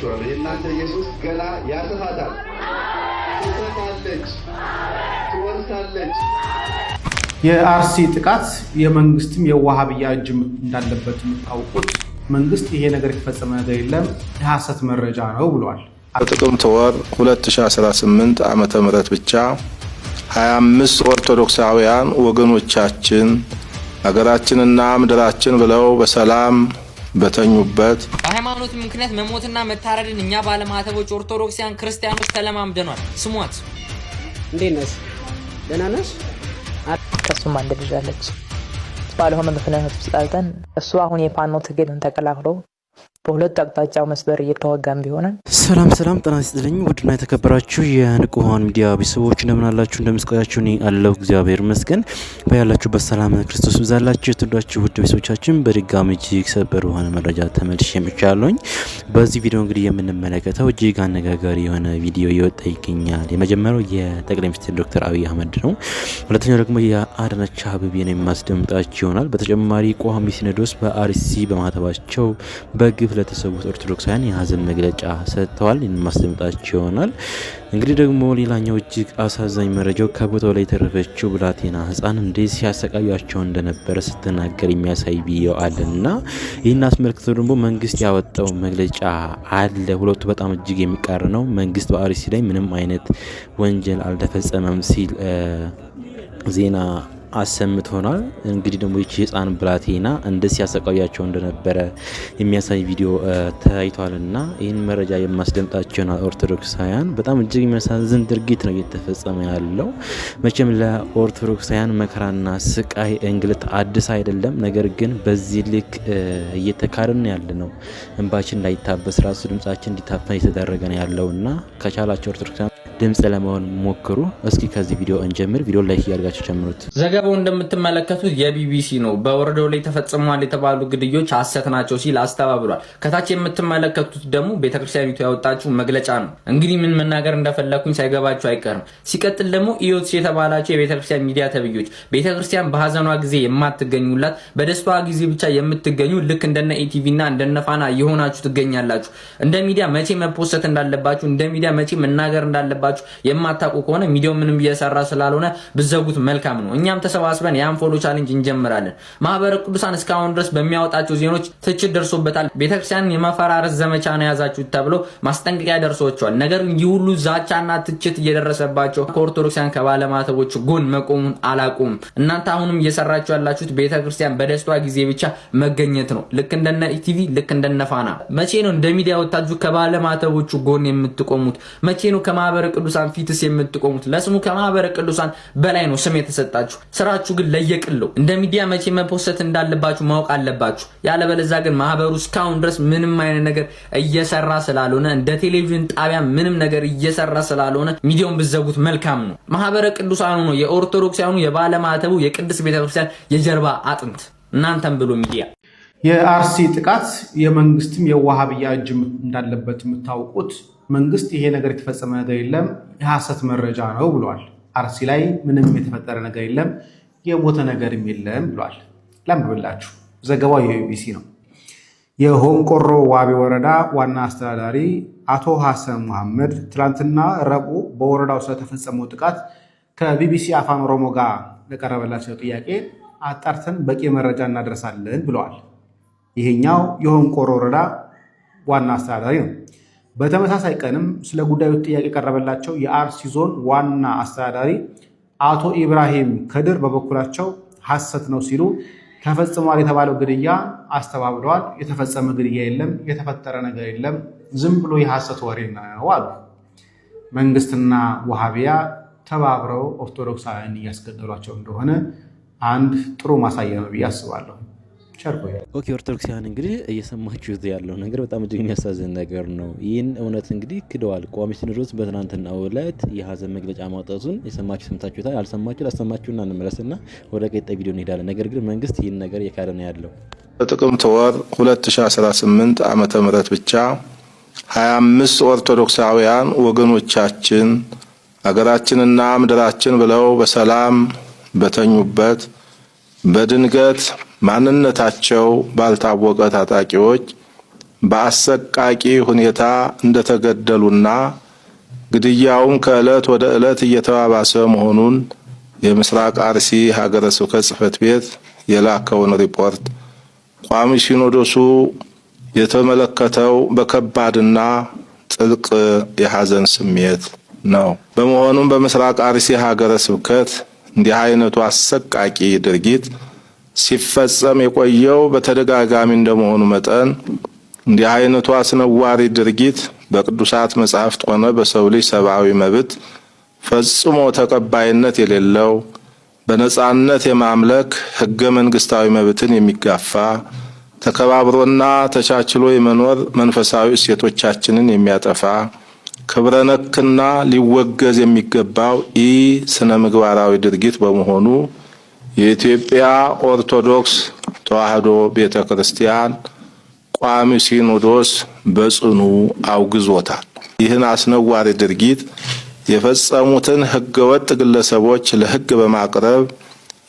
እላችኋለሁ የእናንተ ኢየሱስ ገና ያስፋታል፣ ትሰፋለች፣ ትወርሳለች። የአርሲ ጥቃት የመንግስትም የዋሃብያ እጅ እንዳለበት የምታውቁት መንግስት ይሄ ነገር የተፈጸመ ነገር የለም የሐሰት መረጃ ነው ብሏል። በጥቅምት ወር 2018 ዓ ም ብቻ 25 ኦርቶዶክሳውያን ወገኖቻችን አገራችንና ምድራችን ብለው በሰላም በተኙበት በሃይማኖት ምክንያት መሞትና መታረድን እኛ ባለማተቦች ኦርቶዶክሲያን ክርስቲያኖች ተለማምደኗል። ስሟት። እንዴት ነሽ? ደህና ነሽ? ከሱም አንድ ልጅ አለች። ምክንያት ውስጥ እሱ አሁን የፋኖ ትግልን ተቀላቅሎ በሁለት አቅጣጫ መስበር እየተዋጋም ቢሆናል። ሰላም ሰላም፣ ጤና ይስጥልኝ ውድና የተከበራችሁ የንቁሃን ሚዲያ ቤተሰቦች እንደምን አላችሁ? እንደምስቀያችሁ እኔ አለው እግዚአብሔር ይመስገን። በያላችሁበት ሰላም ክርስቶስ ብዛላችሁ። የትዳችሁ ውድ ቤተሰቦቻችን በድጋሚ እጅግ ሰበር በሆነ መረጃ ተመልሼ የምቻለኝ በዚህ ቪዲዮ እንግዲህ የምንመለከተው እጅግ አነጋጋሪ የሆነ ቪዲዮ እየወጣ ይገኛል። የመጀመሪያው የጠቅላይ ሚኒስትር ዶክተር አብይ አህመድ ነው። ሁለተኛው ደግሞ የአዳነች አቤቤ ነው የማስደምጣችሁ ይሆናል። በተጨማሪ ቋሚ ሲኖዶስ በአርሲ በማተባቸው በግፍ ለተሰዉት ኦርቶዶክሳውያን የሀዘን መግለጫ ሰጥተዋል። ማስደምጣቸው ይሆናል። እንግዲህ ደግሞ ሌላኛው እጅግ አሳዛኝ መረጃው ከቦታው ላይ የተረፈችው ብላቴና ህፃን እንዴት ሲያሰቃያቸው እንደነበረ ስትናገር የሚያሳይ ቪዲዮ አለና ይህን አስመልክቶ ደግሞ መንግስት ያወጣው መግለጫ አለ። ሁለቱ በጣም እጅግ የሚቃረን ነው። መንግስት በአርሲ ላይ ምንም አይነት ወንጀል አልተፈጸመም ሲል ዜና አሰምቶናል። እንግዲህ ደግሞ ይቺ ህፃን ብላቴና እንደ ሲያሰቃያቸው እንደነበረ የሚያሳይ ቪዲዮ ተያይቷል ተያይቷልና ይህን መረጃ የማስደምጣቸውን ኦርቶዶክሳውያን በጣም እጅግ የሚያሳዝን ድርጊት ነው እየተፈጸመ ያለው። መቼም ለኦርቶዶክሳውያን መከራና ስቃይ እንግልት አዲስ አይደለም። ነገር ግን በዚህ ልክ እየተካርን ያለ ነው። እንባችን እንዳይታበስ ራሱ ድምጻችን እንዲታፈን እየተደረገ ነው ያለው ያለውና ከቻላቸው ኦርቶዶክሳውያን ድምፅ ለመሆን ሞክሩ። እስኪ ከዚህ ቪዲዮ እንጀምር። ቪዲዮ ላይክ እያደርጋችሁ ጀምሩት። ዘገባው እንደምትመለከቱት የቢቢሲ ነው። በወረዶ ላይ ተፈጽመዋል የተባሉ ግድዮች ሀሰት ናቸው ሲል አስተባብሏል። ከታች የምትመለከቱት ደግሞ ቤተክርስቲያኒቱ ያወጣችው መግለጫ ነው። እንግዲህ ምን መናገር እንደፈለግኩኝ ሳይገባችሁ አይቀርም። ሲቀጥል ደግሞ ኢዮትስ የተባላቸው የቤተክርስቲያን ሚዲያ ተብዮች ቤተክርስቲያን በሀዘኗ ጊዜ የማትገኙላት በደስታዋ ጊዜ ብቻ የምትገኙ ልክ እንደነ ኢቲቪ እና እንደነ ፋና የሆናችሁ ትገኛላችሁ። እንደ ሚዲያ መቼ መፖሰት እንዳለባችሁ፣ እንደ ሚዲያ መቼ መናገር እንዳለባችሁ አውቃችሁ የማታውቁ ከሆነ ሚዲያው ምንም እየሰራ ስላልሆነ ብዘጉት መልካም ነው። እኛም ተሰባስበን የአንፎሎ ቻሌንጅ እንጀምራለን። ማህበረ ቅዱሳን እስካሁን ድረስ በሚያወጣቸው ዜኖች ትችት ደርሶበታል። ቤተክርስቲያን የመፈራረስ ዘመቻ ነው የያዛችሁት ተብሎ ማስጠንቀቂያ ደርሶቸዋል። ነገር ግን ይህ ሁሉ ዛቻና ትችት እየደረሰባቸው ከኦርቶዶክሲያን ከባለማተቦች ጎን መቆሙን አላቁም። እናንተ አሁንም እየሰራችሁ ያላችሁት ቤተክርስቲያን በደስቷ ጊዜ ብቻ መገኘት ነው። ልክ እንደነ ኢቲቪ፣ ልክ እንደነ ፋና። መቼ ነው እንደ ሚዲያ ወታችሁ ከባለማተቦቹ ጎን የምትቆሙት? መቼ ነው ከማህበረ ቅዱሳን ፊትስ የምትቆሙት ለስሙ ከማህበረ ቅዱሳን በላይ ነው ስም የተሰጣችሁ። ስራችሁ ግን ለየቅለው እንደ ሚዲያ መቼ መፖሰት እንዳለባችሁ ማወቅ አለባችሁ። ያለበለዚያ ግን ማህበሩ እስካሁን ድረስ ምንም አይነት ነገር እየሰራ ስላልሆነ እንደ ቴሌቪዥን ጣቢያ ምንም ነገር እየሰራ ስላልሆነ ሚዲያውን ብዘጉት መልካም ነው። ማህበረ ቅዱሳኑ ነው የኦርቶዶክሳኑ የባለማተቡ የቅድስት ቤተክርስቲያን የጀርባ አጥንት እናንተም ብሎ ሚዲያ የአርሲ ጥቃት የመንግስትም የዋሃብያ እጅ እንዳለበት የምታውቁት መንግስት ይሄ ነገር የተፈጸመ ነገር የለም የሐሰት መረጃ ነው ብሏል። አርሲ ላይ ምንም የተፈጠረ ነገር የለም የሞተ ነገርም የለም ብሏል። ላምብላችሁ ዘገባው የዩቢሲ ነው። የሆንቆሮ ዋቢ ወረዳ ዋና አስተዳዳሪ አቶ ሐሰን መሐመድ ትላንትና ረቡዕ በወረዳው ስለተፈጸመው ጥቃት ከቢቢሲ አፋን ኦሮሞ ጋር ለቀረበላቸው ጥያቄ አጣርተን በቂ መረጃ እናደርሳለን ብለዋል። ይሄኛው የሆንቆሮ ወረዳ ዋና አስተዳዳሪ ነው። በተመሳሳይ ቀንም ስለ ጉዳዩ ጥያቄ የቀረበላቸው የአርሲ ዞን ዋና አስተዳዳሪ አቶ ኢብራሂም ከድር በበኩላቸው ሐሰት ነው ሲሉ ተፈጽሟል የተባለው ግድያ አስተባብለዋል። የተፈጸመ ግድያ የለም፣ የተፈጠረ ነገር የለም፣ ዝም ብሎ የሐሰት ወሬ ነው አሉ። መንግስትና ውሃቢያ ተባብረው ኦርቶዶክሳውያን እያስገደሏቸው እንደሆነ አንድ ጥሩ ማሳያ ነው ብዬ አስባለሁ። ኦኬ ኦርቶዶክሲያን እንግዲህ እየሰማችሁት ያለው ነገር በጣም እጅግ የሚያሳዝን ነገር ነው። ይህን እውነት እንግዲህ ክደዋል። ቋሚ ሲኖዶስ በትናንትና ዕለት የሀዘን መግለጫ ማውጣቱን የሰማችሁ ሰምታችሁታል። ያልሰማችሁ ላሰማችሁና እንመለስና ወደ ቀጣይ ቪዲዮ እንሄዳለን። ነገር ግን መንግስት ይህን ነገር እየካደ ነው ያለው። በጥቅምት ወር 2018 ዓመተ ምህረት ብቻ 25 ኦርቶዶክሳውያን ወገኖቻችን አገራችንና ምድራችን ብለው በሰላም በተኙበት በድንገት ማንነታቸው ባልታወቀ ታጣቂዎች በአሰቃቂ ሁኔታ እንደተገደሉና ግድያውም ከዕለት ወደ ዕለት እየተባባሰ መሆኑን የምስራቅ አርሲ ሀገረ ስብከት ጽሕፈት ቤት የላከውን ሪፖርት ቋሚ ሲኖዶሱ የተመለከተው በከባድና ጥልቅ የሐዘን ስሜት ነው። በመሆኑም በምስራቅ አርሲ ሀገረ ስብከት እንዲህ አይነቱ አሰቃቂ ድርጊት ሲፈጸም የቆየው በተደጋጋሚ እንደመሆኑ መጠን እንዲህ አይነቱ አስነዋሪ ድርጊት በቅዱሳት መጻሕፍት ሆነ በሰው ልጅ ሰብአዊ መብት ፈጽሞ ተቀባይነት የሌለው በነጻነት የማምለክ ህገ መንግስታዊ መብትን የሚጋፋ ተከባብሮና ተቻችሎ የመኖር መንፈሳዊ እሴቶቻችንን የሚያጠፋ ክብረ ነክና ሊወገዝ የሚገባው ኢ ስነ ምግባራዊ ድርጊት በመሆኑ የኢትዮጵያ ኦርቶዶክስ ተዋሕዶ ቤተ ክርስቲያን ቋሚ ሲኖዶስ በጽኑ አውግዞታል። ይህን አስነዋሪ ድርጊት የፈጸሙትን ሕገወጥ ግለሰቦች ለሕግ በማቅረብ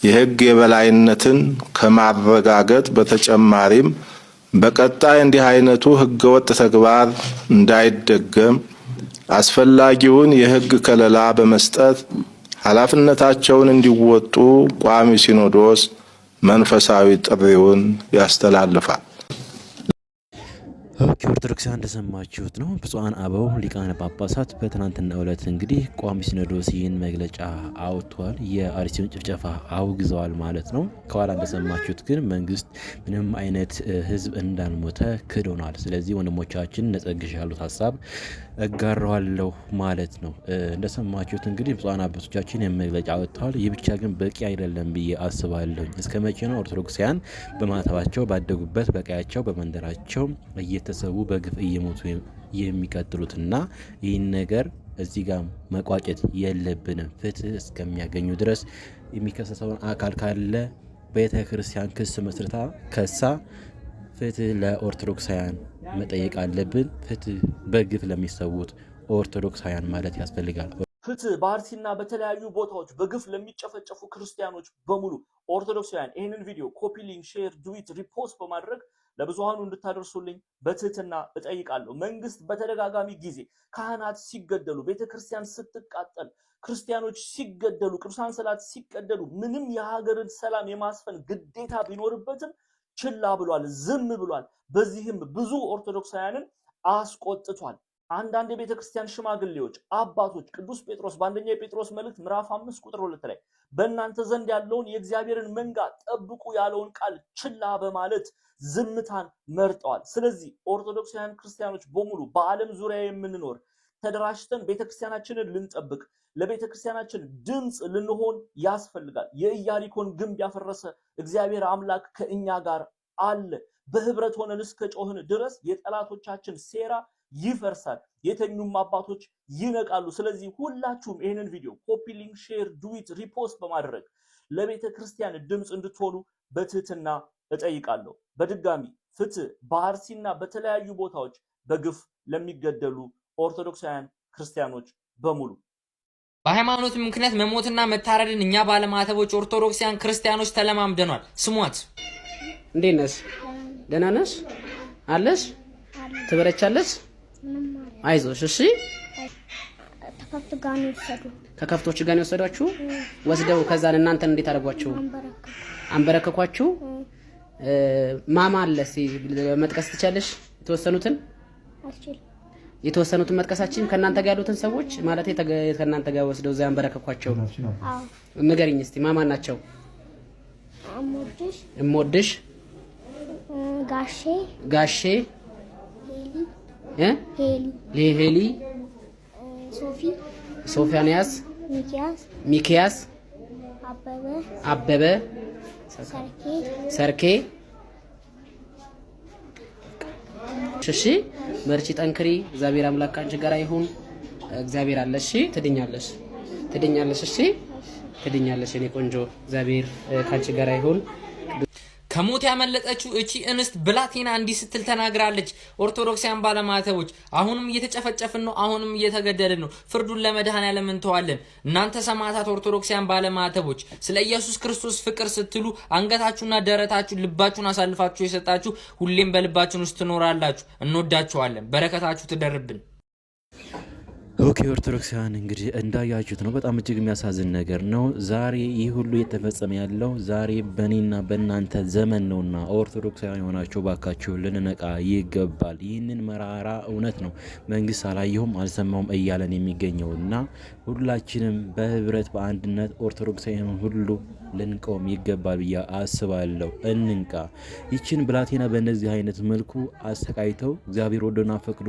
የሕግ የበላይነትን ከማረጋገጥ በተጨማሪም በቀጣይ እንዲህ አይነቱ ሕገወጥ ተግባር እንዳይደገም አስፈላጊውን የሕግ ከለላ በመስጠት ኃላፊነታቸውን እንዲወጡ ቋሚ ሲኖዶስ መንፈሳዊ ጥሪውን ያስተላልፋል። ኦኬ ኦርቶዶክስ እንደሰማችሁት ነው። ብፁዓን አበው ሊቃነ ጳጳሳት በትናንትናው ዕለት እንግዲህ ቋሚ ሲኖዶስ ይህን መግለጫ አውጥቷል። የአርሲውን ጭፍጨፋ አውግዘዋል ማለት ነው። ከኋላ እንደሰማችሁት ግን መንግስት ምንም አይነት ህዝብ እንዳልሞተ ክዶናል። ስለዚህ ወንድሞቻችን ነጸግሽ ያሉት ሀሳብ እጋራዋለሁ ማለት ነው። እንደሰማችሁት እንግዲህ ብፁዓን አባቶቻችን የመግለጫ ወጥተዋል። ይህ ብቻ ግን በቂ አይደለም ብዬ አስባለሁኝ። እስከ መቼ ነው ኦርቶዶክሳውያን በማተባቸው ባደጉበት በቀያቸው በመንደራቸው እየተሰዉ በግፍ እየሞቱ የሚቀጥሉትና ይህን ነገር እዚህ ጋር መቋጨት የለብንም። ፍትህ እስከሚያገኙ ድረስ የሚከሰሰውን አካል ካለ ቤተ ክርስቲያን ክስ መስርታ ከሳ ፍትህ ለኦርቶዶክሳውያን መጠየቅ አለብን። ፍትህ በግፍ ለሚሰዉት ኦርቶዶክሳውያን ማለት ያስፈልጋል። ፍትህ በአርሲና በተለያዩ ቦታዎች በግፍ ለሚጨፈጨፉ ክርስቲያኖች በሙሉ ኦርቶዶክሳውያን ይህንን ቪዲዮ ኮፒ ሊንክ፣ ሼር፣ ዱዊት፣ ሪፖስት በማድረግ ለብዙሃኑ እንድታደርሱልኝ በትህትና እጠይቃለሁ። መንግስት በተደጋጋሚ ጊዜ ካህናት ሲገደሉ፣ ቤተክርስቲያን ስትቃጠል፣ ክርስቲያኖች ሲገደሉ፣ ቅዱሳን ስዕላት ሲቀደሉ ምንም የሀገርን ሰላም የማስፈን ግዴታ ቢኖርበትም ችላ ብሏል፣ ዝም ብሏል። በዚህም ብዙ ኦርቶዶክሳውያንን አስቆጥቷል። አንዳንድ የቤተ ክርስቲያን ሽማግሌዎች፣ አባቶች ቅዱስ ጴጥሮስ በአንደኛ የጴጥሮስ መልእክት ምዕራፍ አምስት ቁጥር ሁለት ላይ በእናንተ ዘንድ ያለውን የእግዚአብሔርን መንጋ ጠብቁ ያለውን ቃል ችላ በማለት ዝምታን መርጠዋል። ስለዚህ ኦርቶዶክሳውያን ክርስቲያኖች በሙሉ በዓለም ዙሪያ የምንኖር ተደራጅተን ቤተክርስቲያናችንን ልንጠብቅ ለቤተክርስቲያናችን ድምፅ ልንሆን ያስፈልጋል። የኢያሪኮን ግንብ ያፈረሰ እግዚአብሔር አምላክ ከእኛ ጋር አለ። በህብረት ሆነን እስከ ጮህን ድረስ የጠላቶቻችን ሴራ ይፈርሳል፣ የተኙም አባቶች ይነቃሉ። ስለዚህ ሁላችሁም ይህንን ቪዲዮ ኮፒ ሊንክ፣ ሼር፣ ዱዊት፣ ሪፖስት በማድረግ ለቤተ ክርስቲያን ድምፅ እንድትሆኑ በትህትና እጠይቃለሁ። በድጋሚ ፍትህ በአርሲና በተለያዩ ቦታዎች በግፍ ለሚገደሉ ኦርቶዶክሳውያን ክርስቲያኖች በሙሉ በሃይማኖት ምክንያት መሞትና መታረድን እኛ ባለማተቦች ኦርቶዶክሳውያን ክርስቲያኖች ተለማምደኗል። ስሟት። እንዴት ነስ? ደህና ነስ? አለስ? ትበለቻለስ? አይዞሽ። እሺ። ከከብቶች ጋር ነው የወሰዷችሁ? ወስደው ከዛን እናንተን እንዴት አደረጓችሁ? አንበረከኳችሁ? ማማ አለስ መጥቀስ ትቻለሽ የተወሰኑትን? የተወሰኑትን መጥቀሳችን ከእናንተ ጋር ያሉትን ሰዎች ማለት ከእናንተ ጋር ወስደው እዛ ያንበረከኳቸው ንገሪኝ እስቲ ማማን ናቸው? እምወድሽ፣ ጋሼ፣ ጋሼ፣ ሄሊ፣ ሶፊ፣ ሶፊያንያስ፣ ሚኪያስ፣ አበበ፣ ሰርኬ። እሺ መርቺ ጠንክሪ። እግዚአብሔር አምላክ አንቺ ጋር ይሁን። እግዚአብሔር አለ። እሺ፣ ትድኛለሽ፣ ትድኛለሽ። እሺ፣ ትድኛለሽ። እኔ ቆንጆ፣ እግዚአብሔር ካንቺ ጋር ይሁን። ከሞት ያመለጠችው እቺ እንስት ብላቴና እንዲህ ስትል ተናግራለች። ኦርቶዶክሳውያን ባለማተቦች አሁንም እየተጨፈጨፍን ነው፣ አሁንም እየተገደልን ነው። ፍርዱን ለመድኃኔዓለም እንተዋለን። እናንተ ሰማዕታት ኦርቶዶክሳውያን ባለማተቦች ስለ ኢየሱስ ክርስቶስ ፍቅር ስትሉ አንገታችሁና ደረታችሁ ልባችሁን አሳልፋችሁ የሰጣችሁ ሁሌም በልባችን ውስጥ ትኖራላችሁ። እንወዳችኋለን። በረከታችሁ ትደርብን። ኦኬ ኦርቶዶክሳውያን እንግዲህ እንዳያችሁት ነው። በጣም እጅግ የሚያሳዝን ነገር ነው። ዛሬ ይህ ሁሉ እየተፈጸመ ያለው ዛሬ በእኔና በእናንተ ዘመን ነውና ኦርቶዶክሳውያን የሆናችሁ ባካችሁ ልንነቃ ይገባል። ይህንን መራራ እውነት ነው መንግስት አላየሁም አልሰማውም እያለን የሚገኘው እና ሁላችንም በህብረት በአንድነት ኦርቶዶክሳውያን ሁሉ ልንቀውም ይገባል ብዬ አስባለሁ። እንንቃ። ይችን ብላቴና በእነዚህ አይነት መልኩ አሰቃይተው እግዚአብሔር ወዶና ፈቅዶ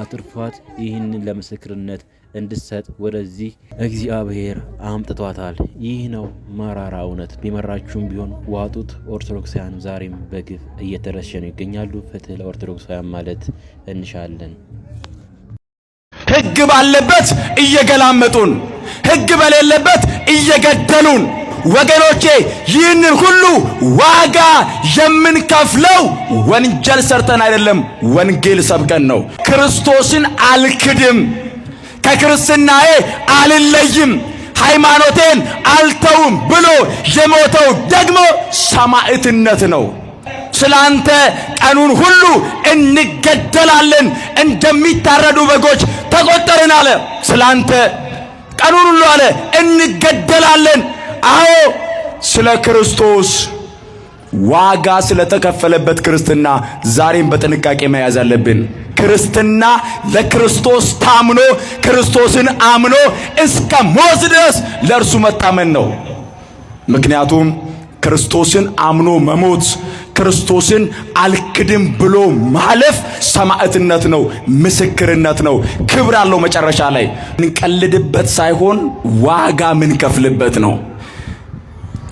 አትርፏት ይህንን ለምስክርነት እንድሰጥ ወደዚህ እግዚአብሔር አምጥቷታል። ይህ ነው መራራ እውነት። ቢመራችሁም ቢሆን ዋጡት። ኦርቶዶክሳውያን ዛሬም በግፍ እየተረሸኑ ይገኛሉ። ፍትህ ለኦርቶዶክሳውያን ማለት እንሻለን። ህግ ባለበት እየገላመጡን፣ ህግ በሌለበት እየገደሉን ወገኖቼ ይህንን ሁሉ ዋጋ የምንከፍለው ወንጀል ሰርተን አይደለም፣ ወንጌል ሰብከን ነው። ክርስቶስን አልክድም፣ ከክርስትናዬ አልለይም፣ ሃይማኖቴን አልተውም ብሎ የሞተው ደግሞ ሰማዕትነት ነው። ስላንተ ቀኑን ሁሉ እንገደላለን፣ እንደሚታረዱ በጎች ተቆጠርን አለ። አንተ ቀኑን ሁሉ አለ እንገደላለን አዎ ስለ ክርስቶስ ዋጋ ስለተከፈለበት ክርስትና ዛሬም በጥንቃቄ መያዝ አለብን። ክርስትና ለክርስቶስ ታምኖ ክርስቶስን አምኖ እስከ ሞት ድረስ ለእርሱ መታመን ነው። ምክንያቱም ክርስቶስን አምኖ መሞት ክርስቶስን አልክድም ብሎ ማለፍ ሰማዕትነት ነው፣ ምስክርነት ነው፣ ክብር አለው። መጨረሻ ላይ እንቀልድበት ሳይሆን ዋጋ ምንከፍልበት ነው።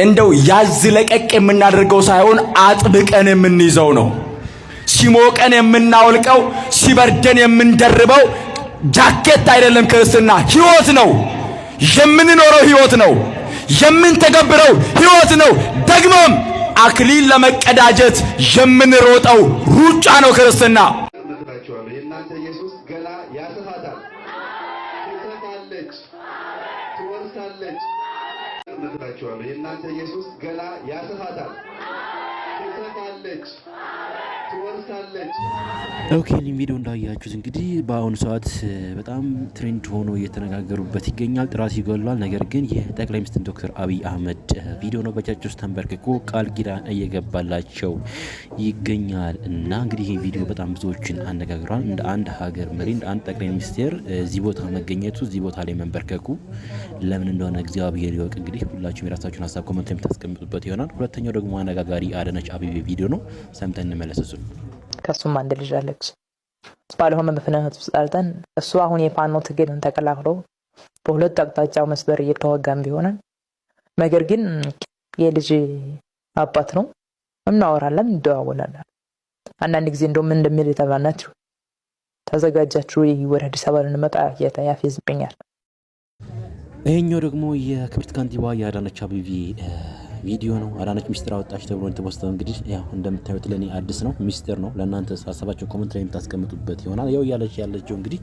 እንደው ያዝ ለቀቅ የምናደርገው ሳይሆን አጥብቀን የምንይዘው ነው። ሲሞቀን የምናወልቀው፣ ሲበርደን የምንደርበው ጃኬት አይደለም። ክርስትና ሕይወት ነው። የምንኖረው ሕይወት ነው። የምንተገብረው ሕይወት ነው። ደግሞም አክሊል ለመቀዳጀት የምንሮጠው ሩጫ ነው ክርስትና። እላችኋለሁ የእናንተ ኢየሱስ ገና ያስታታል ትሰታለች ኦኬ ሊም ቪዲዮ እንዳያችሁት እንግዲህ በአሁኑ ሰዓት በጣም ትሬንድ ሆኖ እየተነጋገሩበት ይገኛል። ጥራት ይገሏል። ነገር ግን የጠቅላይ ሚኒስትር ዶክተር አብይ አህመድ ቪዲዮ ነው። በቻቸው ውስጥ ተንበርክኮ ቃል ኪዳን እየገባላቸው ይገኛል እና እንግዲህ ይህ ቪዲዮ በጣም ብዙዎችን አነጋግሯል። እንደ አንድ ሀገር መሪ፣ እንደ አንድ ጠቅላይ ሚኒስቴር እዚህ ቦታ መገኘቱ፣ እዚህ ቦታ ላይ መንበርከኩ ለምን እንደሆነ እግዚአብሔር ይወቅ። እንግዲህ ሁላችሁም የራሳችሁን ሀሳብ ኮመንት የምታስቀምጡበት ይሆናል። ሁለተኛው ደግሞ አነጋጋሪ አዳነች አቤቤ ቪዲዮ ነው። ሰምተን እንመለስ ከሱም አንድ ልጅ አለች። ባልሆነ ምክንያት ውስጥ አልጠን እሱ አሁን የፋኖ ትግልን ተቀላቅሎ በሁለት አቅጣጫው መስበር እየተዋጋም ቢሆንም ነገር ግን የልጅ አባት ነው። እናወራለን፣ እንደዋወላለን። አንዳንድ ጊዜ እንደውም እንደሚል የተባናችሁ ተዘጋጃችሁ ወደ አዲስ አበባ ልንመጣ የተያፍ ይዝብኛል። ይህኛው ደግሞ የክብርት ከንቲባ የአዳነች አቤቤ ቪዲዮ ነው። አዳነች ሚስጥር አወጣች ተብሎ የተፖስተው እንግዲህ ያው እንደምታዩት ለእኔ አዲስ ነው፣ ሚስጥር ነው። ለእናንተ ሀሳባቸው ኮመንት ላይ የምታስቀምጡበት ይሆናል። ያው እያለች ያለችው እንግዲህ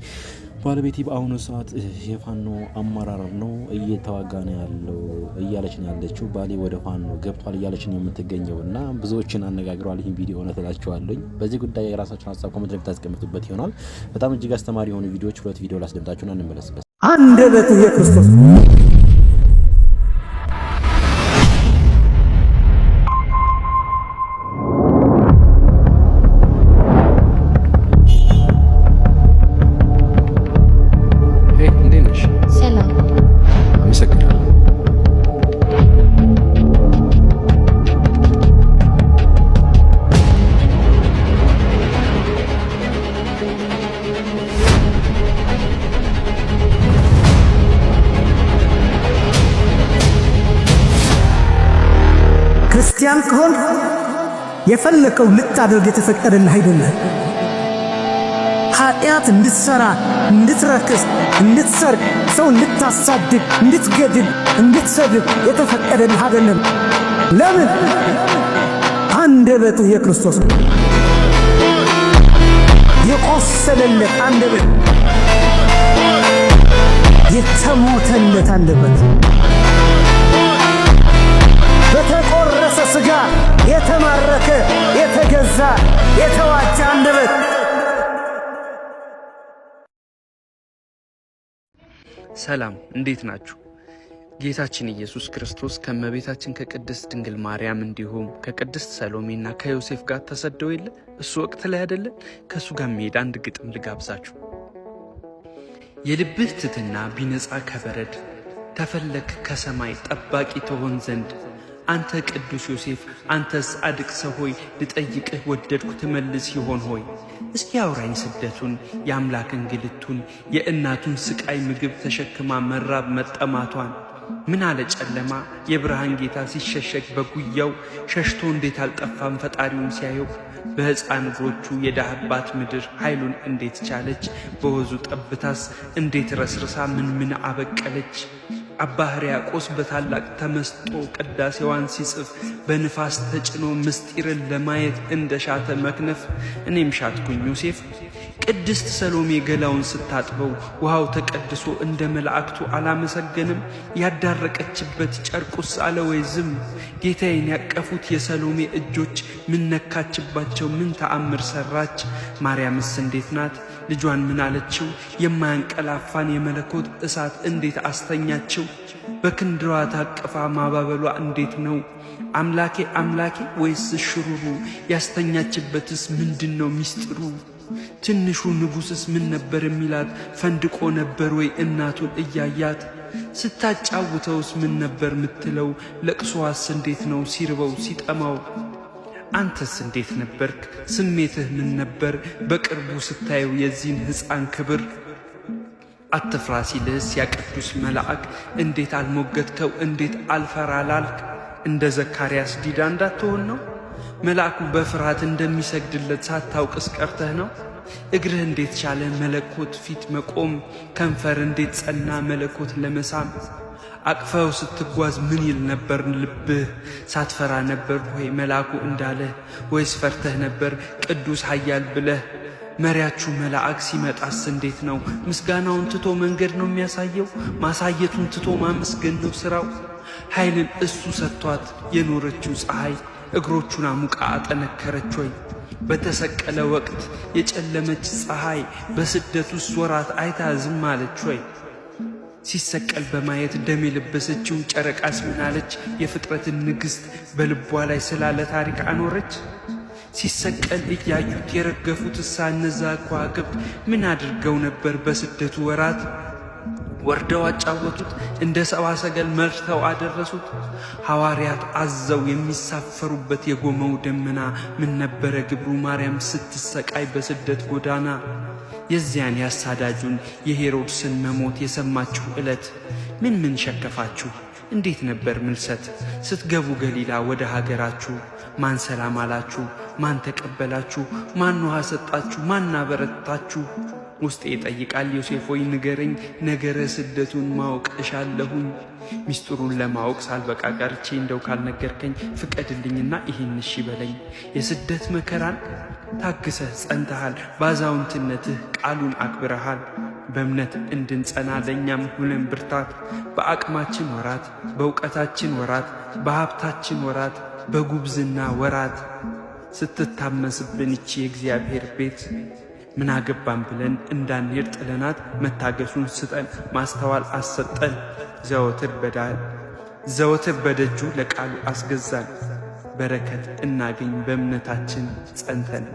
ባለቤቴ በአሁኑ ሰዓት የፋኖ አመራር ነው እየተዋጋ ነው ያለው እያለች ነው ያለችው። ባሌ ወደ ፋኖ ገብቷል እያለች ነው የምትገኘው እና ብዙዎችን አነጋግረዋል። ይህን ቪዲዮ እውነት እላቸዋለሁኝ። በዚህ ጉዳይ የራሳቸውን ሀሳብ ኮመንት ላይ የምታስቀምጡበት ይሆናል። በጣም እጅግ አስተማሪ የሆኑ ቪዲዮዎች ሁለት ቪዲዮ ላስደምጣችሁና እንመለስበት። አንድ አንደበቱ የክርስቶስ ክርስቲያን ከሆን የፈለከው ልታደርግ የተፈቀደልህ አይደለም። ኃጢአት እንድትሠራ፣ እንድትረክስ፣ እንድትሰርቅ፣ ሰው እንድታሳድግ፣ እንድትገድል፣ እንድትሰድብ የተፈቀደልህ አይደለም። ለምን? አንደበትህ የክርስቶስ ነው። የቆሰለለት አንደበት፣ የተሞተለት አንደበት የተገዛ የተዋጀ አንደበት ሰላም እንዴት ናችሁ? ጌታችን ኢየሱስ ክርስቶስ ከእመቤታችን ከቅድስት ድንግል ማርያም እንዲሁም ከቅድስት ሰሎሜና ከዮሴፍ ጋር ተሰደው የለ እሱ ወቅት ላይ አደለን ከእሱ ጋር መሄድ አንድ ግጥም ልጋብዛችሁ። የልብህ ትትና ቢነጻ ከበረድ ተፈለግ ከሰማይ ጠባቂ ትሆን ዘንድ አንተ ቅዱስ ዮሴፍ፣ አንተ ጻድቅ ሰው ሆይ ልጠይቅህ ወደድኩ ትመልስ ይሆን ሆይ? እስኪ አውራኝ ስደቱን፣ የአምላክ እንግልቱን፣ የእናቱን ስቃይ ምግብ ተሸክማ መራብ መጠማቷን ምን አለ ጨለማ የብርሃን ጌታ ሲሸሸግ በጉያው ሸሽቶ እንዴት አልጠፋም? ፈጣሪውን ሲያየው በሕፃን እግሮቹ የዳህባት ምድር ኃይሉን እንዴት ቻለች? በወዙ ጠብታስ እንዴት ረስርሳ ምን ምን አበቀለች? አባ ሕርያቆስ በታላቅ ተመስጦ ቅዳሴዋን ሲጽፍ በንፋስ ተጭኖ ምስጢርን ለማየት እንደ ሻተ መክነፍ እኔም ሻትኩኝ ዮሴፍ። ቅድስት ሰሎሜ ገላውን ስታጥበው ውሃው ተቀድሶ እንደ መላእክቱ አላመሰገንም? ያዳረቀችበት ጨርቁስ አለ ወይ ዝም? ጌታዬን ያቀፉት የሰሎሜ እጆች ነካችባቸው? ምን ተአምር ሰራች? ማርያምስ እንዴት ናት? ልጇን ምን አለችው? የማያንቀላፋን የመለኮት እሳት እንዴት አስተኛችው? በክንድሯ ታቅፋ ማባበሏ እንዴት ነው? አምላኬ አምላኬ ወይስ ሽሩሩ? ያስተኛችበትስ ምንድን ነው ሚስጢሩ? ትንሹ ንጉሥስ ምን ነበር የሚላት? ፈንድቆ ነበር ወይ እናቱን እያያት? ስታጫውተውስ ምን ነበር ምትለው? ለቅሶዋስ እንዴት ነው ሲርበው ሲጠማው አንተስ እንዴት ነበርክ? ስሜትህ ምን ነበር? በቅርቡ ስታየው የዚህን ሕፃን ክብር አትፍራ ሲልህስ ያ ቅዱስ መልአክ እንዴት አልሞገትከው? እንዴት አልፈራላልክ? እንደ ዘካርያስ ዲዳ እንዳትሆን ነው? መልአኩ በፍርሃት እንደሚሰግድለት ሳታውቅስ ቀርተህ ነው? እግርህ እንዴት ቻለ መለኮት ፊት መቆም? ከንፈር እንዴት ጸና መለኮት ለመሳም? አቅፈው ስትጓዝ ምን ይል ነበር ልብህ? ሳትፈራ ነበር ወይ መልአኩ እንዳለህ? ወይስ ፈርተህ ነበር ቅዱስ ኃያል ብለህ? መሪያችሁ መልአክ ሲመጣስ እንዴት ነው? ምስጋናውን ትቶ መንገድ ነው የሚያሳየው? ማሳየቱን ትቶ ማመስገን ነው ሥራው? ኃይልን እሱ ሰጥቷት የኖረችው ፀሐይ እግሮቹን አሙቃ አጠነከረች ወይ? በተሰቀለ ወቅት የጨለመች ፀሐይ በስደት ውስጥ ወራት አይታ ዝም አለች ወይ? ሲሰቀል በማየት ደም የለበሰችው ጨረቃስ ምናለች? የፍጥረትን ንግሥት በልቧ ላይ ስላለ ታሪክ አኖረች። ሲሰቀል እያዩት የረገፉት እሳ እነዛ ከዋክብት ምን አድርገው ነበር? በስደቱ ወራት ወርደው አጫወቱት፣ እንደ ሰብአ ሰገል መርተው አደረሱት። ሐዋርያት አዘው የሚሳፈሩበት የጎመው ደመና ምን ነበረ ግብሩ? ማርያም ስትሰቃይ በስደት ጎዳና የዚያን ያሳዳጁን የሄሮድስን መሞት የሰማችሁ ዕለት ምን ምን ሸከፋችሁ? እንዴት ነበር ምልሰት? ስትገቡ ገሊላ ወደ ሀገራችሁ ማን ሰላም አላችሁ? ማን ተቀበላችሁ? ማን ውሃ ሰጣችሁ? ማን አበረታችሁ? ውስጤ ይጠይቃል ዮሴፍ ሆይ ንገረኝ፣ ነገረ ስደቱን ማወቅ እሻለሁኝ። ሚስጥሩን ለማወቅ ሳልበቃ ቀርቼ እንደው ካልነገርከኝ ፍቀድልኝና ይህን እሺ በለኝ። የስደት መከራን ታግሰህ ጸንተሃል፣ ባዛውንትነትህ ቃሉን አክብረሃል። በእምነት እንድንጸና ለእኛም ሁነን ብርታት፣ በአቅማችን ወራት፣ በእውቀታችን ወራት፣ በሀብታችን ወራት፣ በጉብዝና ወራት ስትታመስብን ይቺ የእግዚአብሔር ቤት ምን አገባን ብለን እንዳንሄድ ጥለናት መታገሱን ስጠን፣ ማስተዋል አሰጠን። ዘወትር በደጁ ለቃሉ አስገዛን፣ በረከት እናገኝ በእምነታችን ጸንተን